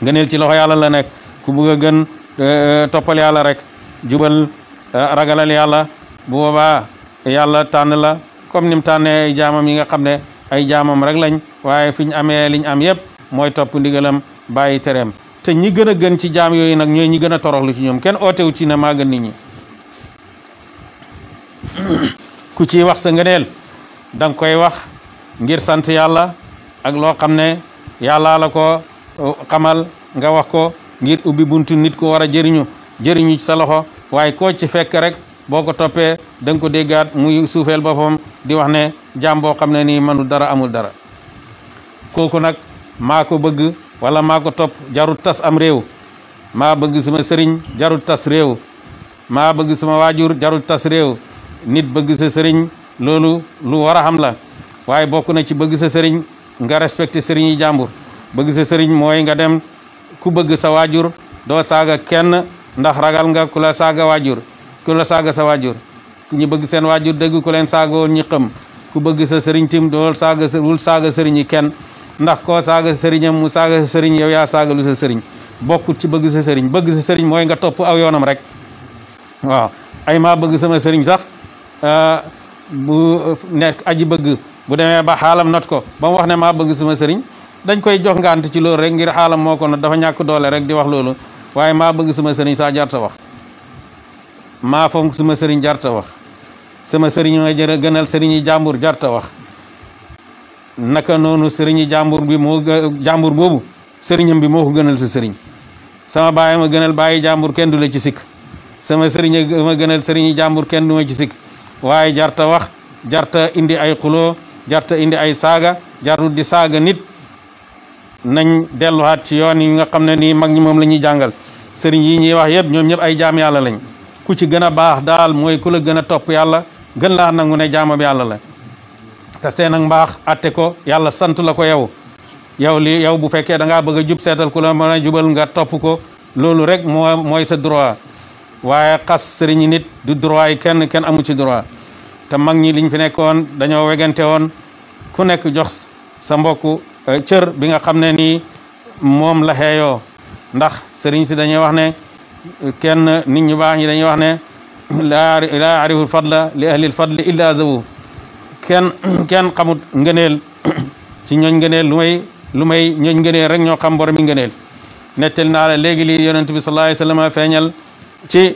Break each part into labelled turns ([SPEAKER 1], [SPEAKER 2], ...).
[SPEAKER 1] ngëneel ci loxo yàlla la nekk ku bëgg a gën eh, eh, toppal yàlla rek jubal eh, ragalal yàlla bu boobaa yàlla tànn la comme ni mu tànnee ay jaamam yi nga xam ne ay jaamam rek lañ waaye fi ñu amee liñ am yëpp mooy topp ndigalam bàyyi tereem te ñi gën a gën ci jaam yooyu nag ñooy ñi gën a toroxlu ci ñoom kenn ootewu ci ne maa gën nit ñi ku ci wax sa ngëneel da koy wax ngir sant yàlla ak loo xam ne yàllaa la ko xamal nga wax ko ngir ubbi buntu nit ko war a jëriñu jëriñu ci sa loxo waaye koo ci fekk rek boo ko toppee da ko déggaat muy suufeel boppam di wax ne jaam boo xam ne nii mënul dara amul dara kooku nag maa ko bëgg wala maa ko topp jarul tas am réew maa bëgg suma sëriñ jarul tas réew maa bëgg suma waajur jarul tas réew nit bëgg sa sëriñ loolu lu war a xam la waaye bokk na ci bëgg sa sëriñ nga respecté sëriñ yi jàmbur bëgg sa sëriñ mooy nga dem ku bëgg sa waajur doo saaga kenn ndax ragal nga ku la saaga waajur ku la saaga sa waajur ñu bëgg seen waajur dëgg ku leen saagoo ñi xam ku bëgg sa sëriñ tim dool saaga wul saaga sëriñi kenn ndax koo saaga sa sëriñam mu saaga sa sëriñ yow yaa saagalu sa sëriñ bokkut ci bëgg sa sëriñ bëgg sa sëriñ mooy nga topp aw yoonam rek waaw ay maa bëgg sama sëriñ sax euh, bu nekk aji bëgg bu demee ba xaalam not ko ba mu wax ne maa bëgg sama sëriñ dañ koy jox ngant ci loolu rek ngir xaalam moo ko na dafa ñàkk doole rek di wax loolu waaye maa bëgg sama sëriñ saa jarta wax maa fonk sama sëriñ jarta sama sëriñ ma jër gënal sëriñi jàmbur jarta wax naka noonu sëriñi jàmbur bi moo jàmbur boobu sëriñam bi moo gënal sa sëriñ sama baay ma gënal bàyyi jàmbur kenn du la ci sikk sama sëriñ ma gënal sëriñi jàmbur kenn duma ma ci sikk waaye jarta wax jarta indi ay xuloo jarta indi ay saaga jarut di saaga nit nañ delluwaat ci yoon yi nga xam ne nii mag ñi moom la ñuy jàngal sëriñ yi ñuy wax yëpp ñoom ñëpp ay jaam yàlla lañ ku ci gën a baax daal mooy ku la gën a topp yàlla gën laa nangu ne jaamam yàlla la te seen ak mbaax atte ko yàlla sant la ko yow yow li yow bu fekkee da ngaa bëgg a jub seetal ku la mën jubal nga topp ko loolu rek moo mooy sa droit waaye xas sëriñ nit du droit yi kenn kenn amu ci droit te mag ñi liñ fi nekkoon dañoo wegante woon ku nekk jox sa mbokk Euh, cër bi nga xam ne nii moom la xeeyoo ndax sëriñ si dañuy wax ne kenn nit ñu baax ñi dañuy wax ne laa laa ariful fadla li ahlil fadli illa zawu kenn kenn xamut ngëneel ci ñooñ ngëneel lu may lu may ñooñ ngëneel rek ñoo xam borom mi ngëneel nettal naa la léegi lii yonent bi sallallahu alayhi wasallam feeñal ci euh,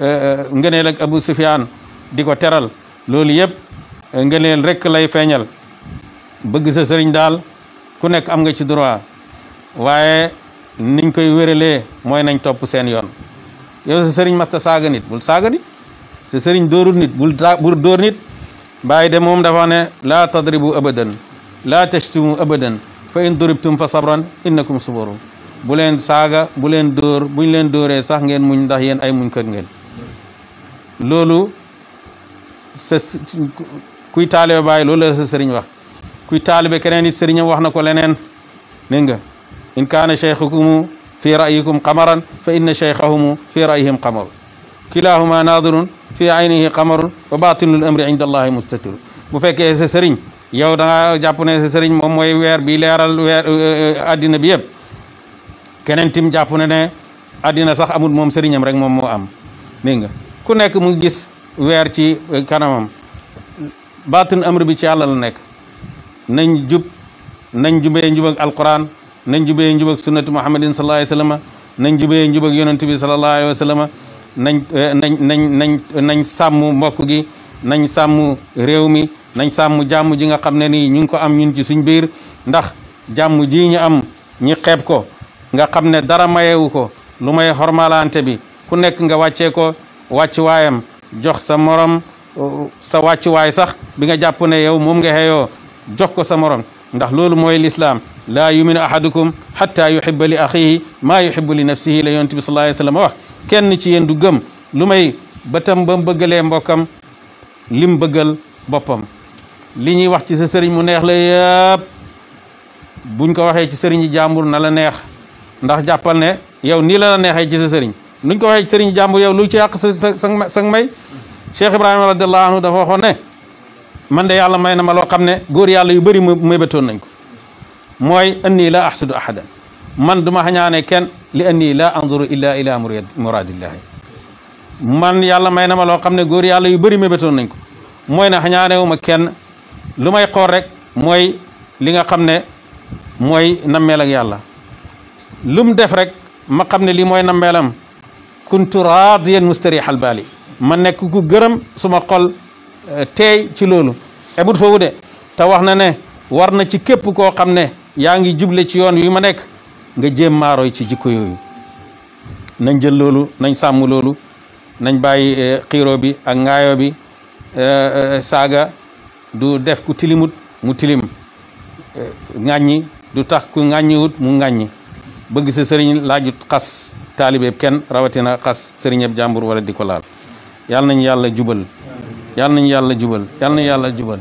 [SPEAKER 1] euh, ngëneel ak Abu Sufyaan di ko teral loolu yëpp ngëneel rek lay feeñal bëgg sa sëriñ daal ku nekk am nga ci droit waaye niñ koy wéralee mooy nañ topp seen yoon yow sa sëriñ masta saaga nit bul saaga nit sa sëriñ dóorul nit bul bul dóor nit bàyyi de moom dafa ne laa tadribu abadan laa tashtimu abadan fa in duribtum fa sabran innakum subaru bu leen saaga bu leen dóor buñ leen dooree sax ngeen muñ ndax yéen ay muñ kër ngeen loolu sa kuy taale baay loolu la sa sëriñ wax kuy taalibe keneen it sëriñam wax na ko leneen dégg nga in kaana cheikhukumu fi ra'yikum qamaran fa inna cheikhahumu fi ra'yihim qamar kilahuma nadirun fi aynihi qamarun wa batinul amri inda allahi mustatir bu fekkee sa sëriñ yow da jàpp ne sa sëriñ moom mooy weer bi leeral weer eh, addina bi yëpp keneen tim jàpp ne ne addina sax amul moom sëriñam rek moom moo am dégg nga ku nekk mu gis weer ci eh, kanamam batin amri bi ci yàlla la nekk nañ jub nañ jubee njub ak nañ jubee njub ak sunnati muhammadin sallallahu alayhi wa sallam nañ jubee njub ak yonent bi sallallahu alayhi wa sallam nañ eh, nañ nañ nañ nañ sàmm mbokk gi nañ sàmm réew mi nañ sàmm jàmm ji nga xam ne nii ñu ngi ko am ñun ci suñ biir ndax jàmm ji ñu am ñi xeeb ko nga xam ne dara mayewu ko lu may xormalante bi ku nekk nga wàccee ko wàccuwaayam jox sa morom uh, sa wàccuwaay sax bi nga jàpp ne yow moom nga xeeyoo jox ko sa morom ndax loolu mooy lislaam laa yuminu ahadukum hatta yuhibba li axihi maa yuhibbu li nafsihi la yonent bi sallallahu alayhi wa wax kenn ci yéen du gëm lu may batam ba mu bëggalee mbokkam lim bëggal boppam li ñuy wax ci sa sëriñ mu neex lay yëpp buñ ko waxee ci sëriñi jàmbur na la neex ndax jàppal ne yow nii la neexee ci sa sëriñ nuñ ko waxee ci sëriñi jàmbur yow lu ci yàq sa sa sa may Cheikh Ibrahima radiallahu anhu dafa waxoon man de yàlla may na ma loo xam ne góor yàlla yu bëri mébétoon nañ ko mooy annii la ahsudu ahadan man duma xañaane kenn li annii la anzuru illa ila muradillahi man yàlla may na ma loo xam ne góor yàlla yu bari mébétoon nañ ko mooy na xañaane wu ma kenn lu may xool rek mooy li nga xam ne mooy nammeel ak yàlla lu def rek ma xam ne lii mooy nammeelam kuntu raadiyan mustarihal baali ma nekk ku gërëm suma xol teey ci loolu ebut foofu de te wax na ne war na ci képp koo xam ne yaa ngi juble ci yoon wi ma nekk nga jéem maarooy ci jikko yooyu nañ jël loolu nañ sàmm loolu nañ bàyyi eh, xiiro bi ak ngaayo bi eh, eh, saaga du def ku tilimut mu tilim ŋàññi du tax ku ŋàññiwut mu ŋàññi bëgg sa sëriñ laajut xas taalibeeb kenn rawatina xas sëriñeeb jàmbur wala di ko laal yàlla nañ yàlla jubal yal nañu yàlla jubal yàlla na jubal